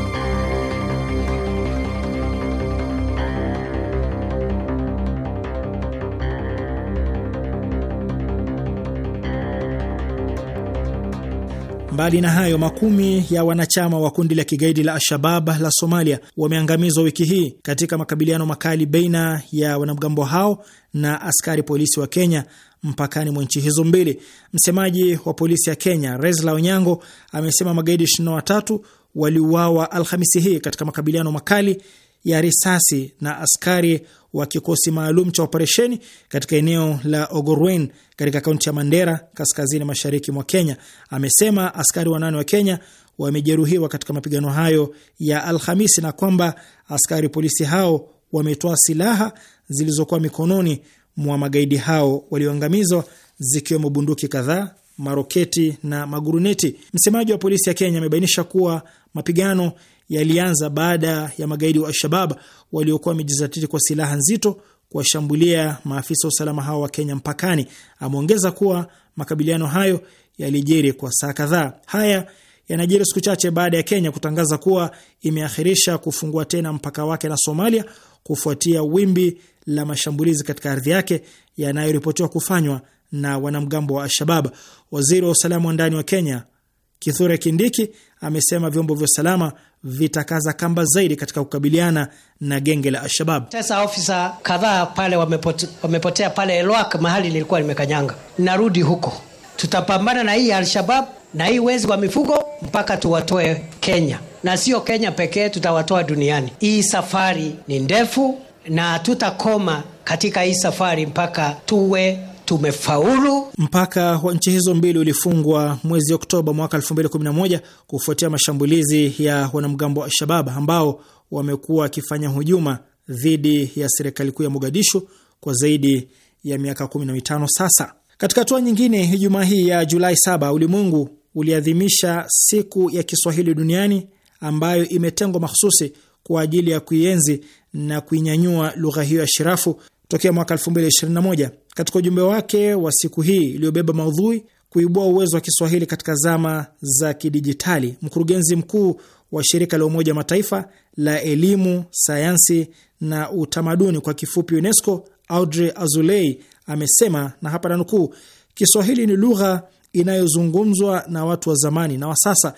Mbali na hayo, makumi ya wanachama wa kundi la kigaidi la Al-Shabab la Somalia wameangamizwa wiki hii katika makabiliano makali baina ya wanamgambo hao na askari polisi wa Kenya mpakani mwa nchi hizo mbili. Msemaji wa polisi ya Kenya Resla Onyango amesema magaidi 23 waliuawa Alhamisi hii katika makabiliano makali ya risasi na askari wa kikosi maalum cha operesheni katika eneo la Ogorwen katika kaunti ya Mandera, kaskazini mashariki mwa Kenya. Amesema askari wanane wa Kenya wamejeruhiwa katika mapigano hayo ya Alhamisi na kwamba askari polisi hao wametoa silaha zilizokuwa mikononi mwa magaidi hao walioangamizwa, zikiwemo bunduki kadhaa, maroketi na maguruneti. Msemaji wa polisi ya Kenya amebainisha kuwa mapigano yalianza baada ya magaidi wa Alshabab waliokuwa wamejizatiti kwa silaha nzito kuwashambulia maafisa wa usalama hao wa Kenya mpakani. Ameongeza kuwa makabiliano hayo yalijiri kwa saa kadhaa. Haya yanajiri siku chache baada ya Kenya kutangaza kuwa imeakhirisha kufungua tena mpaka wake na Somalia kufuatia wimbi la mashambulizi katika ardhi yake yanayoripotiwa kufanywa na wanamgambo wa Alshabab. Waziri wa usalama wa ndani wa Kenya Kithure Kindiki amesema vyombo vya usalama vitakaza kamba zaidi katika kukabiliana na genge la Alshabab. Sasa ofisa kadhaa pale wamepote, wamepotea pale Elwak, mahali lilikuwa limekanyanga. Narudi huko, tutapambana na hii Alshabab na hii wezi wa mifugo mpaka tuwatoe Kenya, na sio Kenya pekee, tutawatoa duniani. Hii safari ni ndefu na tutakoma katika hii safari mpaka tuwe tumefaulu. Mpaka wa nchi hizo mbili ulifungwa mwezi Oktoba mwaka 2011 kufuatia mashambulizi ya wanamgambo wa Al-Shabab ambao wamekuwa wakifanya hujuma dhidi ya serikali kuu ya Mogadishu kwa zaidi ya miaka 15 sasa. Katika hatua nyingine, Ijumaa hii ya Julai 7 ulimwengu uliadhimisha siku ya Kiswahili duniani ambayo imetengwa mahususi kwa ajili ya kuienzi na kuinyanyua lugha hiyo ya shirafu tokea mwaka katika ujumbe wake wa siku hii iliyobeba maudhui kuibua uwezo wa Kiswahili katika zama za kidijitali, mkurugenzi mkuu wa shirika la Umoja Mataifa la elimu, sayansi na utamaduni kwa kifupi UNESCO, Audrey Azoulay amesema, na hapa nanukuu, Kiswahili ni lugha inayozungumzwa na watu wa zamani na wa sasa,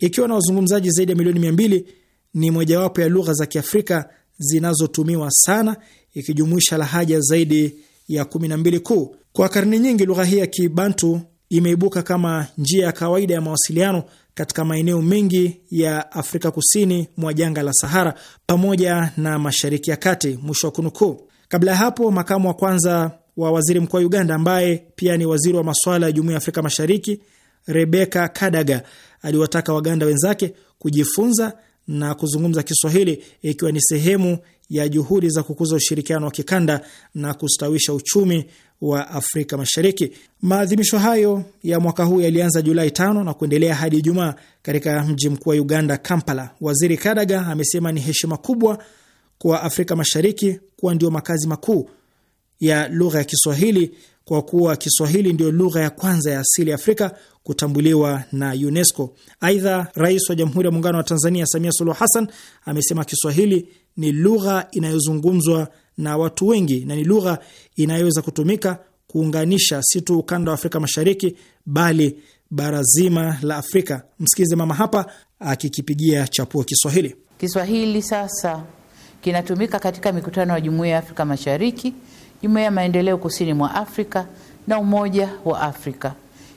ikiwa na wazungumzaji zaidi ya milioni mia mbili. Ni mojawapo ya lugha za Kiafrika zinazotumiwa sana, ikijumuisha lahaja zaidi ya 12 kuu. Kwa karne nyingi, lugha hii ya Kibantu imeibuka kama njia ya kawaida ya mawasiliano katika maeneo mengi ya Afrika kusini mwa jangwa la Sahara pamoja na Mashariki ya Kati. Mwisho wa kunukuu. Kabla ya hapo, makamu wa kwanza wa waziri mkuu wa Uganda ambaye pia ni waziri wa masuala ya Jumuiya ya Afrika Mashariki, rebeka Kadaga aliwataka Waganda wenzake kujifunza na kuzungumza Kiswahili ikiwa ni sehemu ya juhudi za kukuza ushirikiano wa kikanda na kustawisha uchumi wa Afrika Mashariki. Maadhimisho hayo ya mwaka huu yalianza Julai tano na kuendelea hadi Ijumaa katika mji mkuu wa Uganda, Kampala. Waziri Kadaga amesema ni heshima kubwa kwa Afrika Mashariki kuwa ndio makazi makuu ya lugha ya Kiswahili kwa kuwa Kiswahili ndio lugha ya kwanza ya asili ya Afrika kutambuliwa na UNESCO. Aidha, Rais wa Jamhuri ya Muungano wa Tanzania Samia Suluhu Hassan amesema Kiswahili ni lugha inayozungumzwa na watu wengi na ni lugha inayoweza kutumika kuunganisha si tu ukanda wa Afrika Mashariki bali bara zima la Afrika. Msikilize mama hapa akikipigia chapuo Kiswahili. Kiswahili sasa kinatumika katika mikutano ya Jumuiya ya Afrika Mashariki, Jumuiya ya Maendeleo Kusini mwa Afrika na Umoja wa Afrika.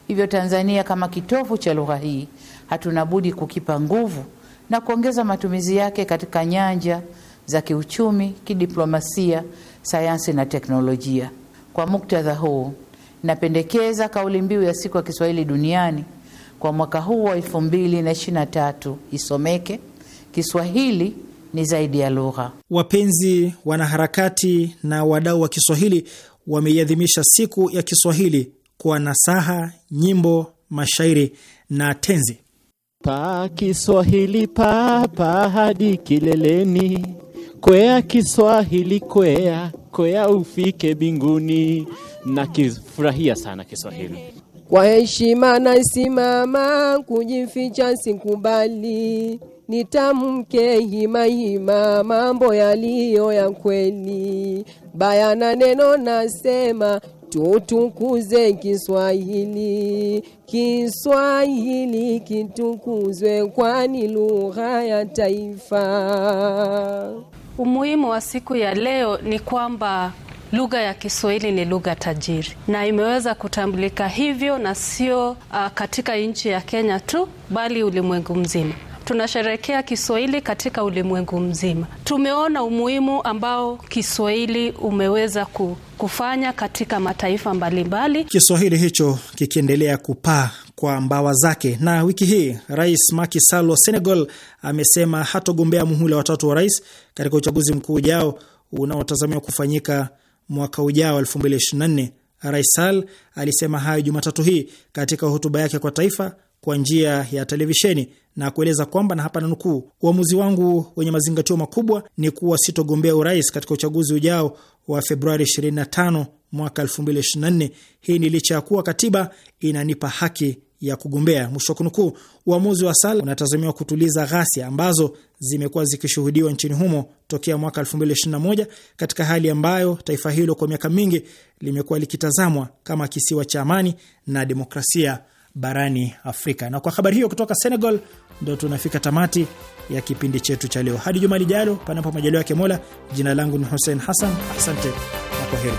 Hivyo Tanzania kama kitovu cha lugha hii hatuna budi kukipa nguvu na kuongeza matumizi yake katika nyanja za kiuchumi, kidiplomasia, sayansi na teknolojia. Kwa muktadha huu, napendekeza kauli mbiu ya siku ya Kiswahili duniani kwa mwaka huu wa 2023 isomeke Kiswahili ni zaidi ya lugha. Wapenzi wanaharakati na wadau wa Kiswahili wameiadhimisha siku ya Kiswahili kwa nasaha, nyimbo, mashairi na tenzi. Pa Kiswahili pa hadi kileleni Kwea Kiswahili, kwea kwea, ufike binguni. Nakifurahia sana Kiswahili. Kwa heshima naisimama, kujificha sikubali, nitamke hima hima, mambo yaliyo ya kweli. na neno nasema, tutukuze Kiswahili, Kiswahili kitukuzwe, kwani lugha ya taifa. Umuhimu wa siku ya leo ni kwamba lugha ya Kiswahili ni lugha tajiri na imeweza kutambulika hivyo, na sio uh, katika nchi ya Kenya tu bali ulimwengu mzima tunasherekea Kiswahili katika ulimwengu mzima. Tumeona umuhimu ambao Kiswahili umeweza ku kufanya katika mataifa mbalimbali, Kiswahili hicho kikiendelea kupaa kwa mbawa zake. Na wiki hii Rais Macky Sall wa Senegal amesema hatogombea muhula watatu wa rais katika uchaguzi mkuu ujao unaotazamiwa kufanyika mwaka ujao 2024. Rais Sall alisema hayo Jumatatu hii katika hotuba yake kwa taifa kwa njia ya televisheni na kueleza kwamba na hapa nanukuu, uamuzi wangu wenye mazingatio makubwa ni kuwa sitogombea urais katika uchaguzi ujao wa Februari 25 mwaka 2024. Hii ni licha ya kuwa katiba inanipa haki ya kugombea, mwisho wa kunukuu. Uamuzi wa Sala unatazamiwa kutuliza ghasia ambazo zimekuwa zikishuhudiwa nchini humo tokea mwaka 2021 katika hali ambayo taifa hilo kwa miaka mingi limekuwa likitazamwa kama kisiwa cha amani na demokrasia barani Afrika. Na kwa habari hiyo kutoka Senegal, ndo tunafika tamati ya kipindi chetu cha leo. Hadi juma lijalo, panapo majaliwa yake Mola. Jina langu ni Hussein Hassan, asante na kwa heri.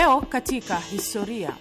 Leo katika historia.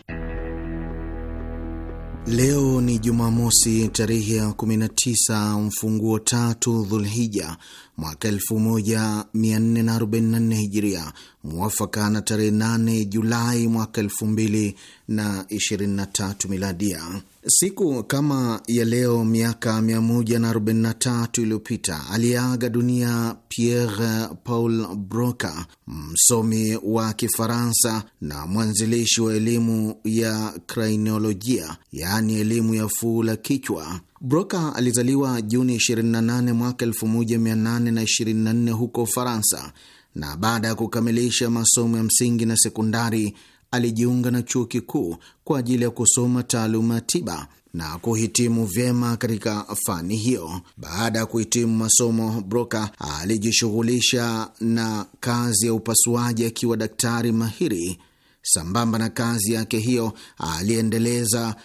Leo ni Jumamosi, tarehe ya 19 mfunguo tatu Dhulhija mwaka 1444 Hijiria, mwafaka na tarehe 8 Julai mwaka 2023 Miladia. Siku kama ya leo miaka 143 iliyopita aliaga dunia Pierre Paul Broca, msomi wa Kifaransa na mwanzilishi wa elimu ya krainolojia, yaani elimu ya fuu la kichwa. Broka alizaliwa Juni 28 mwaka 1824 huko Ufaransa, na baada ya kukamilisha masomo ya msingi na sekondari alijiunga na chuo kikuu kwa ajili ya kusoma taaluma ya tiba na kuhitimu vyema katika fani hiyo. Baada ya kuhitimu masomo, Broka alijishughulisha na kazi ya upasuaji akiwa daktari mahiri. Sambamba na kazi yake hiyo, aliendeleza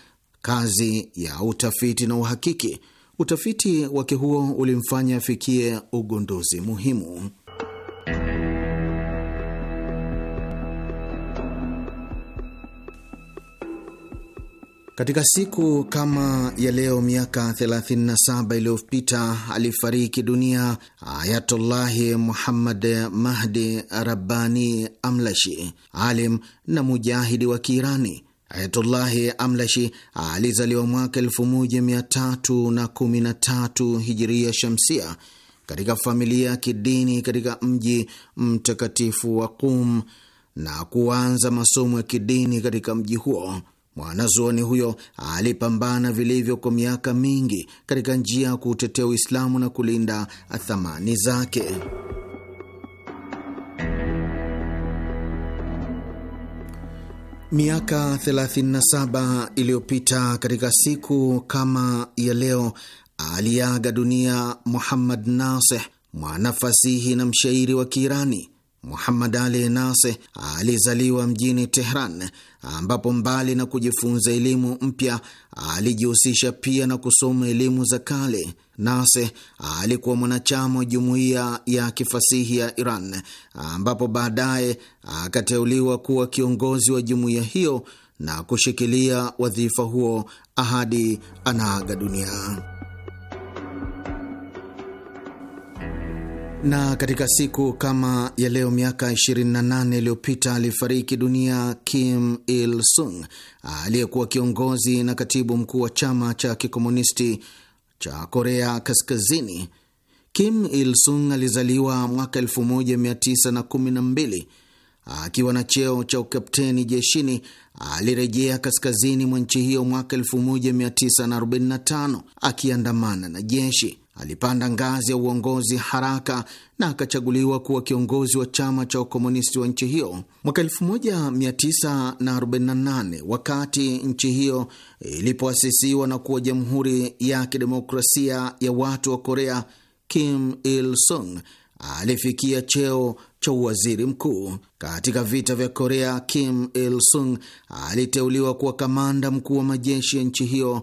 kazi ya utafiti na uhakiki. Utafiti wake huo ulimfanya afikie ugunduzi muhimu. Katika siku kama ya leo miaka 37 iliyopita alifariki dunia Ayatullahi Muhammad Mahdi Rabbani Amlashi, alim na mujahidi wa Kiirani. Ayatullahi Amlashi alizaliwa mwaka 1313 hijiria shamsia katika familia ya kidini katika mji mtakatifu wa Qum na kuanza masomo ya kidini katika mji huo. Mwanazuoni huyo alipambana vilivyo kwa miaka mingi katika njia ya kutetea Uislamu na kulinda thamani zake. Miaka 37 iliyopita katika siku kama ya leo aliaga dunia Muhammad Naseh, mwanafasihi na mshairi wa Kiirani. Muhammad Ali Naseh alizaliwa mjini Tehran, ambapo mbali na kujifunza elimu mpya alijihusisha pia na kusoma elimu za kale nase alikuwa mwanachama wa jumuiya ya kifasihi ya Iran, ambapo baadaye akateuliwa kuwa kiongozi wa jumuiya hiyo na kushikilia wadhifa huo ahadi anaaga dunia. Na katika siku kama ya leo miaka 28 iliyopita alifariki dunia Kim Il Sung, aliyekuwa kiongozi na katibu mkuu wa chama cha kikomunisti cha Korea Kaskazini. Kim Il Sung alizaliwa mwaka 1912 akiwa na cheo cha ukapteni jeshini. Alirejea kaskazini mwa nchi hiyo mwaka 1945 akiandamana na jeshi. Alipanda ngazi ya uongozi haraka na akachaguliwa kuwa kiongozi wa chama cha wakomunisti wa nchi hiyo mwaka 1948 wakati nchi hiyo ilipoasisiwa na kuwa Jamhuri ya Kidemokrasia ya Watu wa Korea. Kim Il Sung alifikia cheo cha uwaziri mkuu katika vita vya Korea. Kim Il Sung aliteuliwa kuwa kamanda mkuu wa majeshi ya nchi hiyo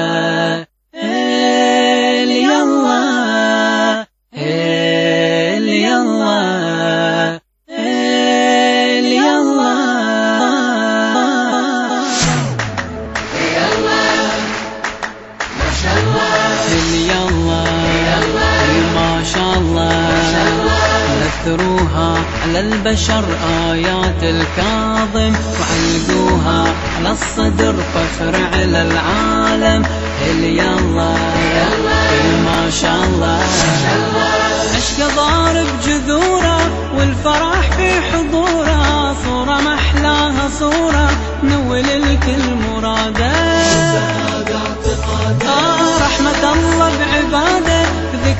البشر آيات الكاظم وعلقوها على الصدر فخر على العالم إلي يلا ما شاء الله عشق ضارب جذوره والفرح في حضوره صورة محلاها صورة نول الكل مراده آه رحمة الله بعباده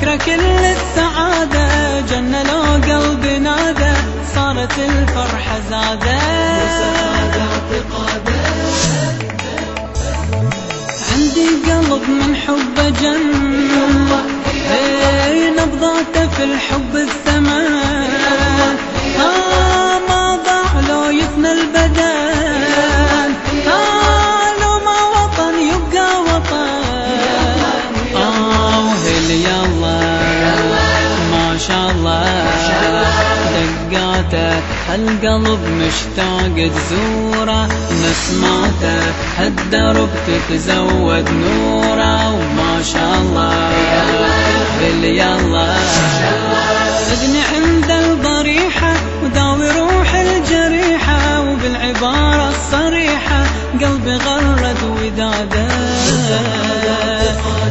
ذكرى كل السعادة جنة لو قلبي نادى صارت الفرحة زادة عندي قلب من حب جن إيه، نبضاته في الحب الثمن آه، ما ضاع لو يفنى البدن نسماتك هالقلب مشتاق تزوره نسماتك هالدرب تتزود نوره وما شاء الله يلا يلا صدني عند الضريحة وداوي روح الجريحة وبالعبارة الصريحة قلبي غرد وداده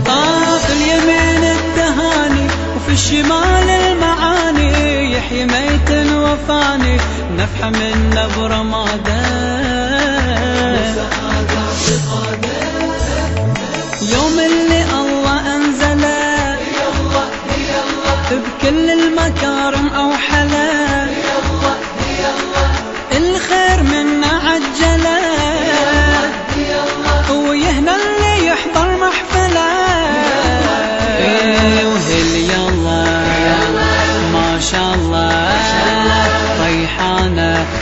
طاف اليمين التهاني وفي الشمال المعاني يحيي ميت وفانك نفحة من نبرة يوم اللي الله أنزله بكل المكارم أوحله الخير منا عجل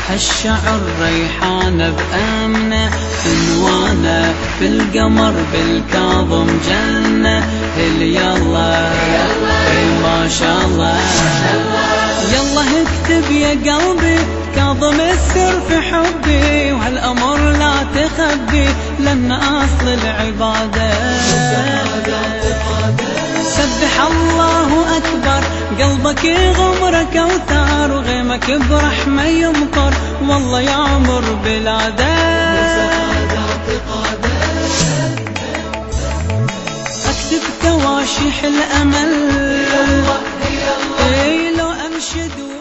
هالشعر الشعر ريحانة بأمنة عنوانة بالقمر بالكاظم جنة هل يلا ما شاء الله يلا اكتب يا قلبي كاظم السر في حبي وهالأمر لا تخبي لأن أصل العبادة سبح الله أكبر قلبك يغمر أوتار وغيمك برحمة يمطر والله يعمر بالعداد أكتب تواشيح الأمل يلا إيه، أمشي